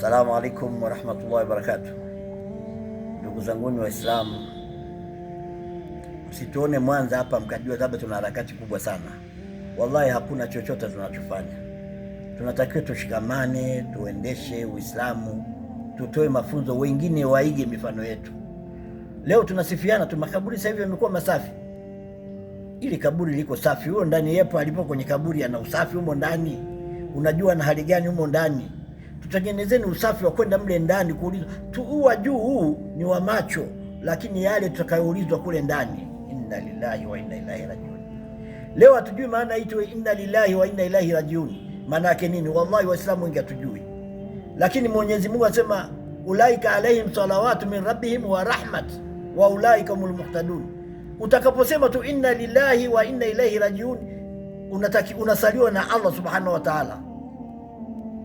Salamu alaikum warahmatullahi wabarakatu Ndugu zanguni Waislamu, msituone Mwanza hapa mkajua labda tuna harakati kubwa sana. Wallahi hakuna chochote tunachofanya. Tunatakiwa tushikamane, tuendeshe Uislamu, tutoe mafunzo, wengine waige mifano yetu. Leo tunasifiana tu, makaburi sasa hivi yamekuwa masafi. Ili kaburi liko safi, huyo ndani yepo alipo kwenye kaburi ana usafi humo ndani, unajua na hali gani humo ndani tutengenezeni usafi wa kwenda mle ndani kuulizwa. Tuua juu huu ni wa macho, lakini yale tutakayoulizwa kule ndani. Inna lillahi wa inna ilaihi rajiun. Leo hatujui maana hiyo inna lillahi wa inna ilaihi rajiun maana yake nini? Wallahi waislamu wengi hatujui, lakini Mwenyezi Mungu anasema ulaika alaihim salawatu min rabbihim wa rahmat wa ulaika humul muhtadun. Utakaposema tu inna lillahi wa inna ilaihi rajiun, unasaliwa na Allah subhanahu wa ta'ala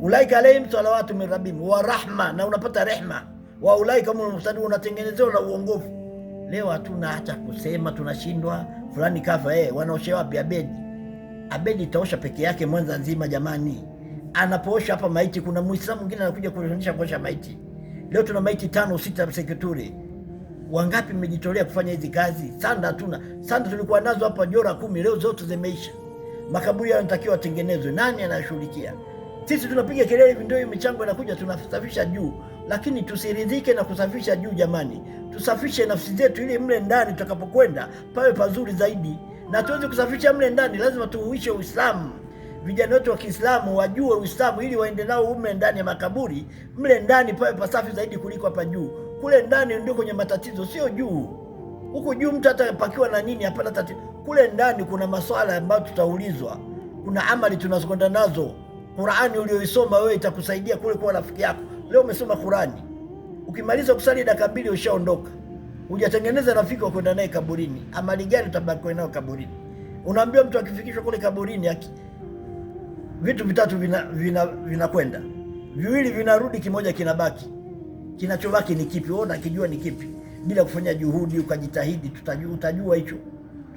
ulaika alaihim salawatu min rabbihim wa rahma, na unapata rehma. Wa ulaika humul mustadi, unatengenezewa na uongofu. Leo hatuna hata kusema, tunashindwa fulani kafa. Eh, wanaosha wapi? Abedi, Abedi taosha peke yake Mwanza nzima jamani. Anapoosha hapa maiti, kuna Muislamu mwingine anakuja kufundisha kuosha maiti. Leo tuna maiti tano sita sekretari. Wangapi mmejitolea kufanya hizi kazi? Sanda hatuna sanda, tulikuwa nazo hapa jora kumi, leo zote zimeisha. Makaburi yanatakiwa atengenezwe, nani anashughulikia? Sisi tunapiga kelele, ndio hiyo michango inakuja, tunasafisha juu, lakini tusiridhike na kusafisha juu. Jamani, tusafishe nafsi zetu, ili mle ndani tutakapokwenda pawe pazuri zaidi. Na tuweze kusafisha mle ndani, lazima tuuishe Uislamu. Vijana wetu wa Kiislamu wajue Uislamu ili waende nao mle ndani ya makaburi, mle ndani pawe pasafi zaidi kuliko hapa juu. Kule ndani ndio kwenye matatizo, sio juu. Huku juu mtu hata pakiwa na nini, hapana tatizo. Kule ndani kuna maswala ambayo tutaulizwa, kuna amali tunazokwenda nazo Qurani uliyoisoma wewe itakusaidia kule kwa rafiki yako. Leo umesoma Qurani, ukimaliza kusali dakika mbili ushaondoka, hujatengeneza rafiki wa kwenda naye kaburini. Amali gani utabaki nayo kaburini? Unaambiwa mtu akifikishwa kule kaburini aki, vitu vitatu vinakwenda vina, vina viwili vinarudi, kimoja kinabaki. Kinachobaki ni kipi? Wewe unakijua ni kipi? Bila kufanya juhudi ukajitahidi, tutajua, utajua hicho.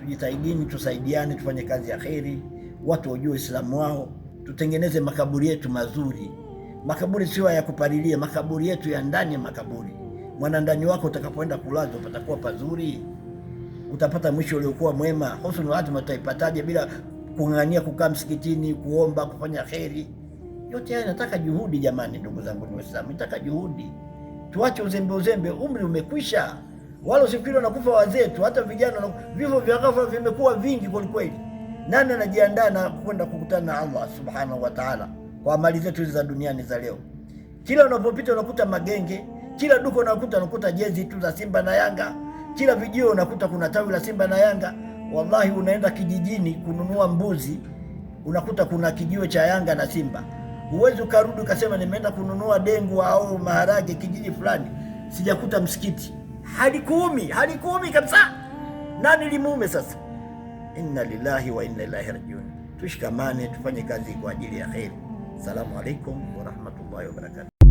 Tujitahidini, tusaidiane, tufanye kazi ya kheri, watu wajue Uislamu wao tutengeneze makaburi yetu mazuri. Makaburi sio ya kupalilia, makaburi yetu ya ndani ya makaburi. Mwana ndani wako utakapoenda kulazwa patakuwa pazuri, utapata mwisho uliokuwa mwema. Husnul hatima utaipataje bila kung'ania kukaa msikitini, kuomba, kufanya kheri? Yote haya nataka juhudi, jamani, ndugu zangu Waislamu, nataka juhudi. Tuache uzembe, uzembe, umri umekwisha, wala usifikiri wanakufa wazee tu, hata vijana. Vifo vya ghafla vimekuwa vingi kwelikweli. Nani anajiandaa na kwenda kukutana na Allah subhanahu wa taala kwa mali zetu hizi za duniani za leo? Kila unapopita unakuta magenge, kila duka unakuta unakuta jezi tu za Simba na Yanga, kila vijio unakuta kuna tawi la Simba na Yanga. Wallahi, unaenda kijijini kununua mbuzi unakuta kuna kijio cha Yanga na Simba. Huwezi ukarudi ukasema nimeenda kununua dengu au maharage kijiji fulani, sijakuta msikiti. Halikuumi, halikuumi kabisa. Nani limuume sasa? inna lillahi wa inna ilaihi rajiun. Tushikamane, tufanye kazi kwa ajili ya kheri. Assalamu alaikum wa rahmatullahi wa barakatuh.